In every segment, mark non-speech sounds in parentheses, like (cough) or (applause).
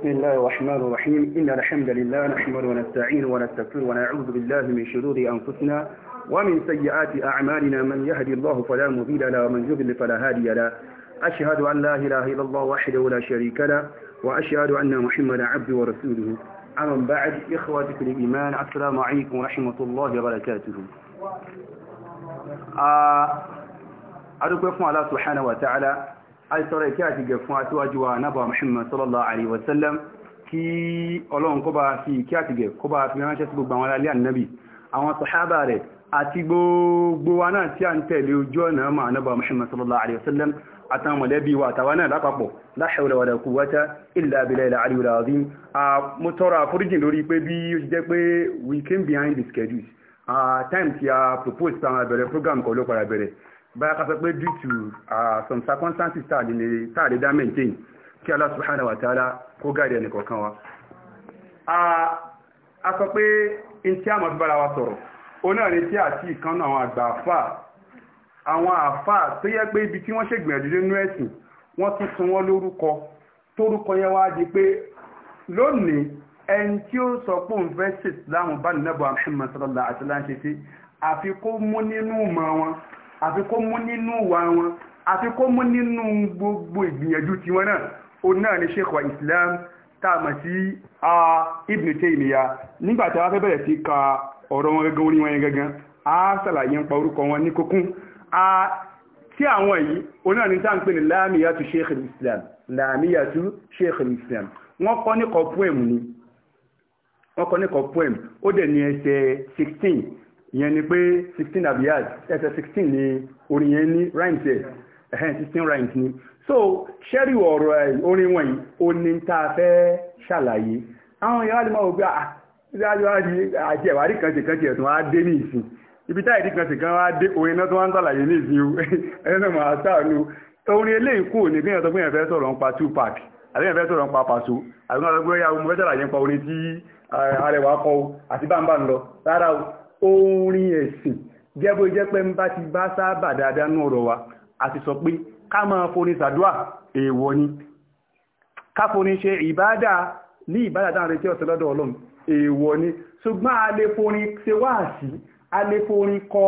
بسم الله الرحمن الرحيم إن الحمد لله نحمد ونستعين ونستغفر ونعوذ بالله من شرور أنفسنا ومن سيئات أعمالنا من يهدي الله فلا مضل له ومن يضلل فلا هادي له أشهد أن لا إله إلا الله وحده لا شريك له وأشهد أن محمدا عبده ورسوله أما بعد إخوتي في الإيمان السلام عليكم ورحمة الله وبركاته آه، أدوكم الله سبحانه وتعالى àìsọ̀rọ̀ ìkẹ́ àti gẹ̀ fún aṣíwájú wa nábà Muhammad sallallahu alaihi wasallam kí ọlọ́run kó bá fi ìkẹ́ àti gẹ̀ kó bá fi ránṣẹ́ sí gbogbo àwọn alálé ànábì àwọn sàhábà rẹ̀ àti gbogbo wa náà tí a ń tẹ̀lé ojú ọ̀nà ma nábà Muhammad sallallahu alaihi wasallam àtàwọn mọ̀lẹ́bí wa àtàwọn náà lápapọ̀ la hawla wala báyà ká sọ pé due to uh, some circumstances tá a lè dá maintain kí Allah subhanahu wa ta'ala kó gáàdì ẹnì kọ̀ọ̀kan wa. a sọ pé n tí a mọ̀ fi bára wa sọ̀rọ̀ ó náà ní tí àti ìkànnà àwọn àgbà àfà àwọn àfà tó yẹ pé ibi tí wọ́n ṣègbìyànjú nínú ẹ̀sìn wọ́n tún sun wọ́n lórúkọ tórúkọ yẹn wá di pé lónìí ẹni tí ó sọ pé òun fẹ́ ṣètìláàmù bá nínú ẹ̀bùn àmì àfi kó mú nínú wa wọn àfi kó mú nínú gbogbo ìgbìyànjú ti wọn náà ó náà ni sheikh wa islam táàmà sí a ibn taymiya nígbàtí a fẹ́ bẹ̀rẹ̀ sí ka ọ̀rọ̀ wọn gẹ́gẹ́ oníwọ̀n yẹn gẹ́gẹ́ a sàlàyé ń pa orúkọ wọn ní kókún a tí àwọn yìí ó náà ni tá ń pè ní láàmìyàtú sheikh islam láàmìyàtú sheikh islam wọ́n kọ́ ní kọ́ poem ni wọ́n kọ́ ní kọ́ poem ó dẹ̀ ní ẹsẹ̀ 16 ìyẹn ni pé sixteen abiyad ẹsẹ̀ sixteen ni orin yẹn ní rhymes ẹ̀ ẹ̀hẹ́n sixteen rhymes ni so ṣẹ́rí ọ̀rọ̀ orin wọ̀nyí ó ní tá a fẹ́ ṣàlàyé àwọn yàrá ni máa wò pé àti ah, ẹ̀wárí kan ṣe kan ṣe ẹ̀sùn á dé ní ìsìn ibi táyì rí kan ṣe kan wá dé orin náà tó wá ń ṣàlàyé ní ìsìn (laughs) ẹ̀sùn náà máa ṣàánú orin eléyìí kù ní bí ẹ̀sọ́ fún ẹ̀fẹ́ sọ̀rọ̀ ń pa two pack àbí ẹ̀fẹ́ sọ̀rọ̀ ń pa pàṣọ àbí wọn sọ pé ó yà wọ́n fẹ́ ṣàlàyé ń pa orin tí ah, arẹwà kọ́ àti báńbá ń lọ rárá o orin ẹ̀sìn jẹ́bó jẹ́ pé ń bá ti bá sábà dáadáa nú ọ̀rọ̀ wa a ti sọ pé ká máa forin sàdúà èèwọ̀ ni ká forin ṣe ìbádà ní ìbádà táwọn retí ọ̀sẹ̀ lọ́dọ̀ ọlọ́run èèwọ̀ ni ṣùgbọ́n a lè forin ṣe wáàsí a lè forin kọ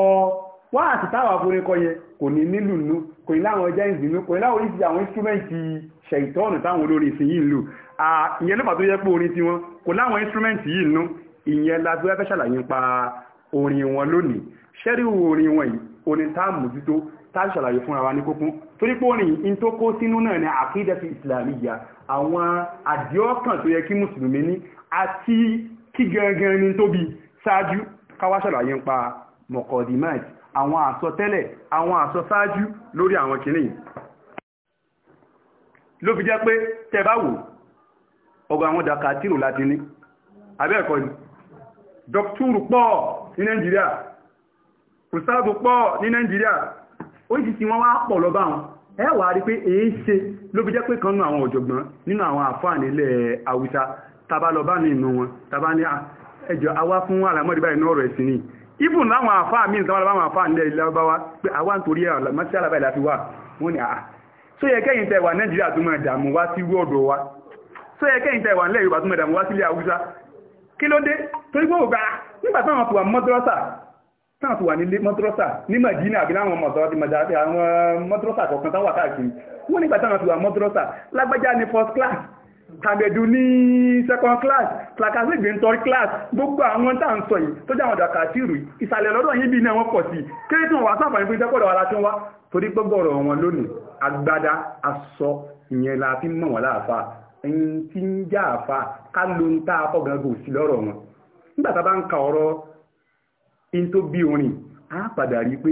wáàsí táwọn forin kọ yẹn kò ní nílù nú kò ní láwọn ọjà ìzìnú kò ní láwọn oríṣi àwọn instrumenti ṣèǹtọ́ọ̀nù táwọn olórin ìsìn yìí ń lò ìyẹn ló fà tó yẹ pé orin tiwọn kò láwọn instrumenti yìí nú ìyẹn la fi wá fẹ́ ṣàlàyé pa orin wọn lónìí ṣẹ́rí orin wọn yìí orin tá a mójútó tá a ṣàlàyé fúnra wa ní kókún torí pé orin yìí tó kó sínú náà ní àkídẹ́fì ìsìlámíyà àwọn àdíọ́kàn tó yẹ kí mùsùlùmí ní àti kí gangan ni tóbi ṣáájú káwá ṣàlàyé ń pa mọ̀kọ̀dìmáàtì àwọn àsọtẹ́lẹ̀ àwọn àsọsáájú lórí àwọn kìíní ló fi jẹ́ pé tẹ́bá wò ọgbà àwọn dàkàtírò láti ní abẹ́ẹ̀kọ́ ni dọ́kítúrù pọ̀ ní Nàìjíríà kùsáàbù pọ̀ ní Nàìjíríà oríṣìí wọ́n wá pọ̀ lọ bá wọn ẹ wà rí pé èé ṣe ló fi jẹ́ pé kan nínú àwọn ọ̀jọ̀gbọ́n nínú àwọn àfáà nílẹ̀ Haúsá tàbá lọ bá ní inú wọn tàbá ní ẹjọ́ awá fún àlàmọ́dé báyìí ní ọ̀rọ̀ ẹ̀sìn ni ibùn láwọn àfáà míì tàbá láwọn àfáà nílẹ̀ ìlàbáwá pé àwa ń torí àlàmọ́sí àlàbà ìlàfi wà wọ́n ni àà tó yẹ kẹ́yìn tẹ̀wà Nàìjíríà tó máa dààmú wá sí wọ́ọ̀dọ̀ nígbà táwọn ti wà mọ́dúrọ́sà táwọn ti wà ní mọ́dúrọ́sà ní Mẹdínà àbí láwọn mọ́dúrọ́sà kọ̀ọ̀kan táwọn wà káàkiri wọ́n nígbà táwọn ti wà mọ́dúrọ́sà lágbájá ní first class tàbẹ̀dù ní second class tlakasígbè ń tọrí class gbogbo àwọn tá à ń sọ yìí tó jẹ́ àwọn ọ̀dà kàtírù ìsàlẹ̀ lọ́dọ̀ yìí bí iná wọn pọ̀ sí kéré tí wọ́n wá sáfà ní pé ìjẹ́kọ̀ọ́dọ̀ wa la ti ń wá torí gbogbo ọ̀rọ̀ wọn lónìí agbádá aṣọ ìyẹn la fi mọ̀ wọn láàfà ẹni tí ń já àfà ká ló ń tá a kọ́ lọ́rọ̀ wọn nígbà tá a bá ń ka ọ̀rọ̀ in tó bí orin á padà rí pé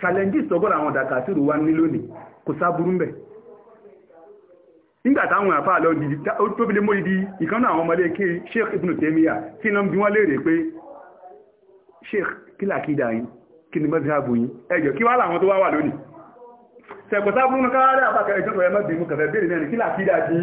challenges tọ́gọ́rọ̀ àwọn dàkàtúrò wa ní lónìí kò sáburú mbẹ̀ nígbà táwọn àfáà lọ dìdì tó bí lè mọ́ ìdí ìkánná àwọn ọmọdé kí Sheikh Ibn Taymiyyah tí iná bí wọ́n léèrè pé Sheikh kílàkídà yìí kí ni mọ́síhábù yìí ẹjọ́ kí wá láwọn tó wá wà lónìí sẹ̀kọ̀sábùn káàrẹ́ àpákẹ́ ìjọ́kọ̀ ẹmọ́bìnrin kẹfẹ́ bèèrè náà kílàkídà yìí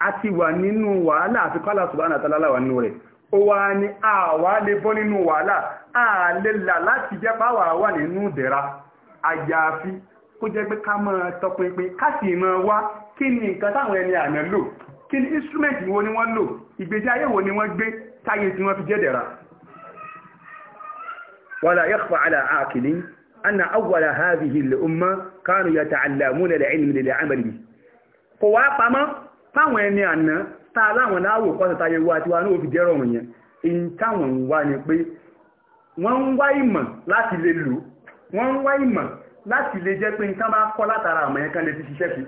a ti wà nínú wàhálà àfi kọ́lá subhanahu wa ta'ala wà nínú rẹ̀ ó wá ní àwa lè bọ́ nínú wàhálà àlelà láti jẹ́ páwà wà nínú ìdẹ̀ra àyàfi kó jẹ́ pé ká máa tọpinpin ká sì wá kí ni nǹkan táwọn ẹni àná lò kí ni instrument wo ni wọ́n lò ìgbésí ayé wo ni wọ́n gbé táyé tí wọ́n fi jẹ́ dẹ̀ra ولا يخفى على عاقل أن أول هذه الأمة كانوا يتعلمون العلم للعمل به kò wá pamọ́ táwọn ẹni àná tá aláwọn láwò kọ́ tàtàyè wa àti wa náà fi jẹ́rọ̀ wọ̀nyẹn èyí táwọn ń wá ni pé wọ́n ń wá ìmọ̀ láti lè lò wọ́n ń wá ìmọ̀ láti lè jẹ́ pé nǹkan bá kọ́ látara àmọ́ yẹn kan lè fi ṣiṣẹ́ fi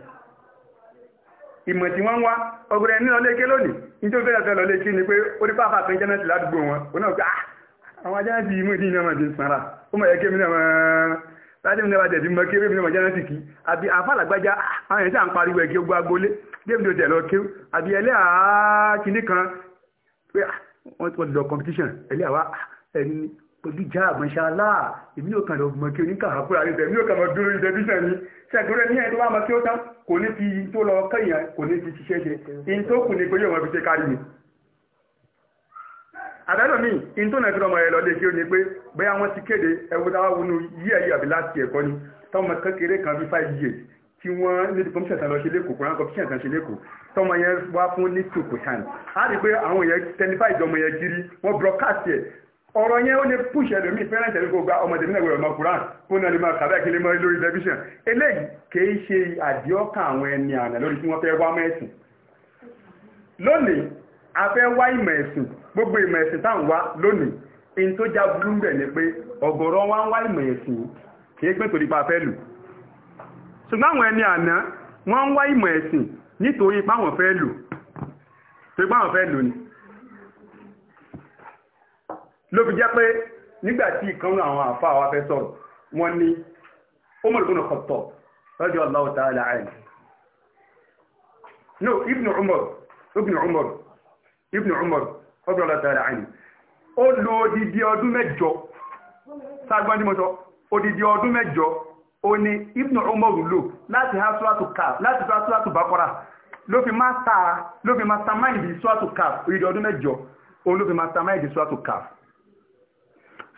ìmọ̀ tí wọ́n ń wá ọgbẹ̀rẹ̀ ní ọlẹ́kẹ́ lónìí nítorí fẹ́rẹ̀ fẹ́ lọlé kí ni pé ó ní pápá kan jẹ́nẹ́tì ládùúgbò wọn ó náà pé ah, àwọn ajẹ́nẹ́tì yìí mú ìdí ìyẹn máa ti sanra ó mọ̀ yẹ kí èmi náà láti mi náà bá tẹ̀sí mọ́ kí èmi náà jẹ́nẹ́tì kí àbí àfàlàgbájá ah, àwọn èèyàn tí à ń pariwo ẹ̀kí ogun agbolé débi tó tẹ̀ lọ kéw àbí ẹlẹ́ àákìní kan pé ah, wọ́n ti lọ competition ẹlẹ́ àwa ah, ẹni pẹ̀lú ìjà àmọ́ṣálá èmi ò kàn lọ mọ̀ kí oníkàákúrà rẹ̀ èmi ò kàn lọ dúró ìdẹ́bíṣẹ̀ ni ṣẹ́gbẹ́rẹ́ ní ẹni tó wá mọ̀ kí ó tán kò ní fi tó lọ kẹ́yìn kò ní fi ṣiṣẹ́ ṣe in tó kù ní pé yóò mọ̀ fi ṣe kárí mi àbẹ́lò mi in tó náà fi ọmọ ẹ̀ lọ́dẹ kí ó ní pé bóyá wọ́n ti kéde ẹwú táwọn wọnú yíẹ̀yí àbí láti ẹ̀kọ́ ni tọmọ kékeré kan fi five years tí wọ́n níbi kọ́míṣẹ̀ tán lọ ṣe lẹ́kọ̀ọ́ kọ́ra kọ́míṣẹ̀ tán ṣe lẹ́kọ̀ọ́ tọ́mọ yẹn wá fún ní two percent á rí i pé àwọn yẹn tẹnifá ìjọmọ yẹn kiri wọ́n broadcast yẹ ọ̀rọ̀ yẹn ó lè push ẹlòmíì fẹ́ràn tẹ̀lé kó gba ọmọ tẹ̀lé náà gbọ́dọ̀ máa kúrán kó náà lè máa kàbá ìkíni mọ́ lórí tẹlifíṣàn eléyìí kìí ṣe àdíọ́kà àwọn ẹni àná lórí tí wọ́n fẹ́ wá mọ́ ẹ̀sìn lónìí a fẹ́ wá ìmọ̀ ẹ̀sìn gbogbo ìmọ̀ ẹ̀sìn táwọn wá lónìí in tó já burú bẹ̀ ni pé ọ̀gọ̀rọ̀ wa ń wá ìmọ̀ ẹ̀sìn kìí pé torípa fẹ́ lù ṣùgbọ́n àwọn ẹni àná wọ́n ń wá ìmọ̀ ẹ̀sìn nítorí páwọn fẹ́ lò torí páwọn fẹ́ lò ni ló fi jẹ́ pé nígbà tí ìkan nínú àwọn àfa wa fẹ́ sọ̀rọ̀ wọ́n ni, Umar ibn Khattab radiyallahu ta'ala anhu no Ibn Umar Ibn Umar Ibn Umar radiyallahu ta'ala anhu ó lo odidi ọdún mẹ́jọ sáàgbọ́n tí mo sọ odidi ọdún mẹ́jọ ó ní ibn umar lò láti ha suratu kaf láti ha suratu bakora ló fi máa ta ló fi máa ta máìdì suratu kaf ìdí ọdún mẹ́jọ òun ló fi máa ta máìdì suratu kaf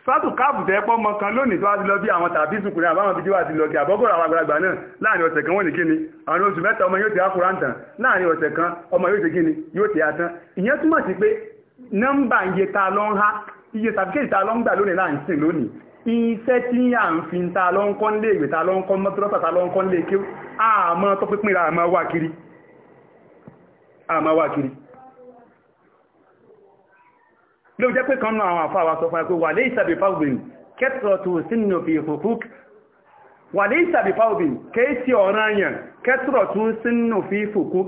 sọ́tù káàbù tẹ́ pọ́ mọ kan lónìí tó wá ti lọ bí àwọn tàbí ìsìnkúrẹ́ àbáwọn fídíò àti lọ́gẹ̀ àbọ́gọ̀rọ̀ àwọn àgbàlagbà náà láàrin ọ̀sẹ̀ kan wọ́n ní kíni àwọn oṣù mẹ́ta ọmọ yóò ti ákùrá ń tàn láàrin ọ̀sẹ̀ kan ọmọ yóò ti kíni yóò ti atán ìyẹn túmọ̀ sí pé nọ́mbà iye ta ló ń há iye sàfikẹ́tì ta ló ń gbà lónìí láàrin sìn lónìí iṣẹ́ tí à ń fi ta lọ ń kọ́ nílé ìwé ta lọ ń kọ́ mọ́tírọ́tà ta lọ ń kọ́ nílé kí àmọ́ tó pínpín ra wà kiri àmọ́ wà kiri ló jẹ́ pé kan náà àwọn àfáwà sọ fún ẹ pé wà lé ìsàbí fáwọ̀bìn kẹ́tọ̀ tó sínú fi hukuk wà lé ìsàbí fáwọ̀bìn kéèsì ọ̀ranyàn kẹ́tọ̀ tó sínú fi hukuk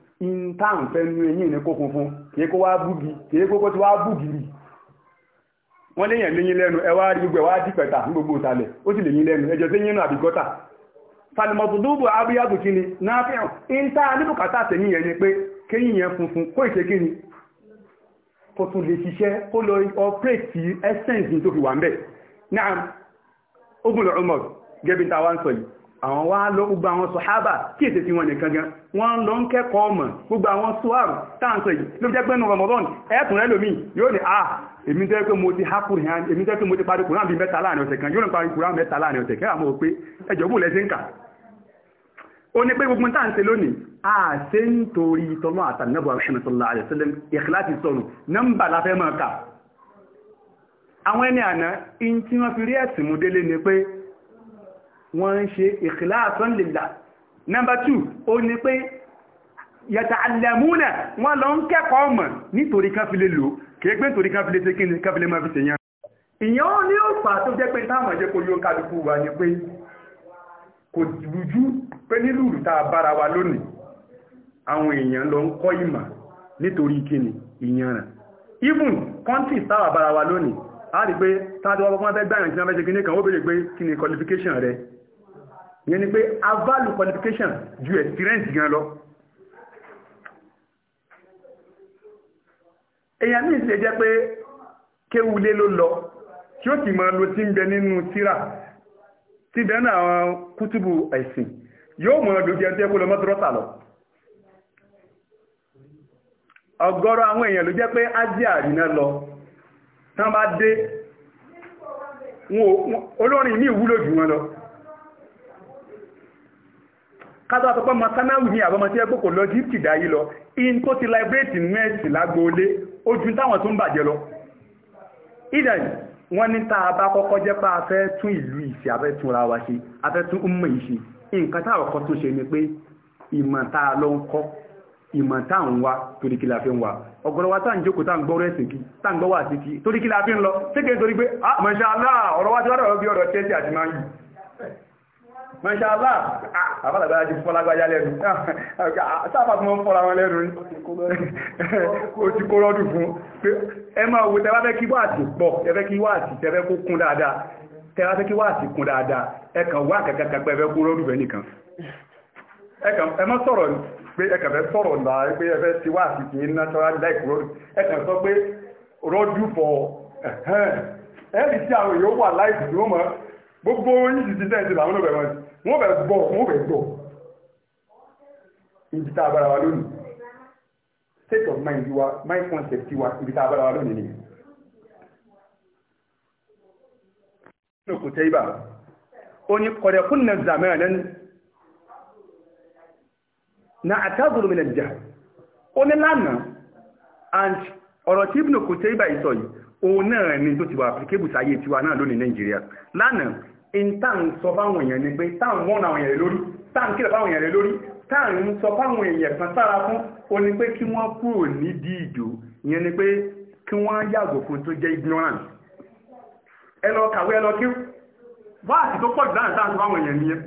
ìntàn fẹ́nu ẹ̀yìn ní kó funfun kìí kó wá búgi kìí kó wa tí wá búgi rí wọ́n léyìn léyìn lẹ́nu ẹwà rí gbogbo ẹwà dí pẹ̀ta ní gbogbo ìsàlẹ̀ ó sì léyìn lẹ́nu ẹjọ́ sí yínú àbí gọ́tà falimọ̀tòdóbò abúyàtò kí ni níbùkátà yẹn ni pé kéyìn yẹn funfun kó ìṣe kí ni kó tún lè ṣiṣẹ́ kó lọ ọpẹ́ẹ̀tì essence tó fi wà ń náà àwọn wá lọ gbogbo àwọn sọ̀hábà kí èsè tí wọ́n nìkan gan wọ́n lọ ń kẹ́kọ̀ọ́ ọmọ gbogbo àwọn sọ́ọ̀rù táàǹsọ̀ yìí ló jẹ́ pẹ́nu Ramadan ẹ̀ẹ́tùn rẹ̀ lómi yóò ní à ah, èmi tẹ́ pé mo ti hákùrì hàn èmi tẹ́ pé mo ti parí kùrán bíi mẹ́ta láàrin ọ̀sẹ̀ kan yóò ní parí kùrán mẹ́ta láàrin ọ̀sẹ̀ kẹ́rà mọ́ pé ẹjọ́ bù lẹ́sìn kà ó ní pé gbogbo táàǹsẹ̀ lónìí a ṣe ń torí tọ́lọ́ àtàlẹ́bọ̀ àṣẹ́mẹ́sọ̀lá àyẹ̀sẹ́lẹ̀ ìkìláàtì sọ̀rọ̀ nọ́mbà la fẹ́ máa kà àwọn ẹni àná in tí wọ́n fi rí ẹ̀sìn mú délé ni pé wọ́n ń ṣe ikhlasan lillah number two ó ní pé yata'allamuna wọ́n lọ ń kẹ́kọ̀ọ́ mọ̀ nítorí káfílẹ̀ lò kéègbé nítorí káfílẹ̀ tí kí ni káfílẹ̀ máa fi ṣèyàn ìyẹn ní ó fà tó jẹ́ pé táwọn jẹ́ kó yóò kálukú wa ni pé kò rújú pé nílùú tá a bára wa lónìí àwọn èèyàn lọ ń kọ́ ìmọ̀ nítorí kíni ìyànràn even countries táwà bára wa lónìí a rí pé táwọn tí fẹ́ gbáyàn tí wọ́n fẹ́ ṣe kíní kan ó béèrè pé kíni qualification rẹ̀ yẹn ni pé a value qualification ju experience gan lọ èèyàn ní ìṣe jẹ́ pé kéwulé ló lọ tí ó sì máa lo tí ń bẹ nínú tíra tí bẹ́ẹ̀ náà àwọn kútùbù ẹ̀sìn yóò mọ̀ ọdún jẹ́ tẹ́ kó lọ mọ́tòrọ́tà lọ ọ̀gọ̀rọ̀ àwọn èèyàn ló jẹ́ pé ájí àrínà lọ tán bá dé olórin ní ìwúlò jù wọn lọ kátó àtọ́pọ́ ma kánáwì ní àbámọ́ tí ẹgbẹ́ kò lọ jíìpì dáyé lọ in tó ti láìbírètì mẹ́ẹ̀sì lágbóolé ojú táwọn tó ń bàjẹ́ lọ ìdẹ̀ wọ́n ní tá bá kọ́kọ́ jẹ́ pé a tún ìlú ìṣe a tún ra wa ṣe a fẹ́ tún ọmọ ìṣe nǹkan táwọn kan tún ṣe ni pé ìmọ̀ tá a lọ ń kọ́ ìmọ̀ tá à ń wa torí kí la fi ń wa ọ̀gọ̀rọ̀ wa tá à ń jókòó tá à ń gbọ́rọ̀ ẹ̀sìn kí tá à ń gbọ́wọ́ àti kí torí kí la fi ń lọ ṣé kí n torí pé ah masha Allah ọ̀rọ̀ wa ti wá dọ̀rọ̀ bí ọ̀rọ̀ tẹ́sí àti máa ń yìí mọ́ṣálá ah, àbálàgbára ti fọ́lágbájá lẹ́nu ah, sáàfà tí wọ́n fọ́ra wọn lẹ́nu ó ti kó rọ́dù fún ẹ máa wo tẹ́wàá fẹ́ kí wà sí pọ̀ tẹ́fẹ́ kí wà sí tẹ́fẹ́ kó kún dáadáa tẹ́wàá fẹ́ kí wà sí kún dáadáa ẹ kàn wá kàkàkàgbẹ́ fẹ́ kó rọ́dù fẹ́ nìkan ẹ má sọ̀rọ̀ pé ẹ kàn fẹ́ sọ̀rọ̀ nà pé ẹ fẹ́ ti wà sí kì í ná tọ́ra láì kú rọ́dù ẹ kàn sọ pé rọ́dù fọ ẹ̀ẹ́dì tí àwọn èèyàn wà láì gbogbo yìí ti ti tẹ́ẹ̀ ti làwọn ọ̀bẹ̀ wọn wọ́n bẹ̀ bọ̀ wọ́n bẹ̀ bọ̀ ibi tá a wa lónìí state of mind wa mind concept wa ibi tá a bára wa lónìí ni. nínú kò ibà ó kọ̀dẹ̀kún na zamẹ́rẹ̀ na àtàzùrù mi nàìjà ó lánàá and ọ̀rọ̀ tí ibùnú kò tẹ́ ibà ìsọ̀ yìí òun náà ni tó ti wà applicable tiwa náà lónìí Nàìjíríà lánàá ìntàn sọ fáwọn èèyàn ni pé táwọn wọ́n àwọn èèyàn lórí táwọn kílọ̀ fáwọn èèyàn lórí táwọn sọ fáwọn èèyàn kan sára fún o ní pé kí wọ́n kúrò nídìí ìdò ìyẹn ni pé kí wọ́n yàgò fún tó jẹ́ ignorant ẹ lọ kàwé ẹ lọ kí wáàsì tó pọ̀ jù láàrín táwọn fáwọn èèyàn nìyẹn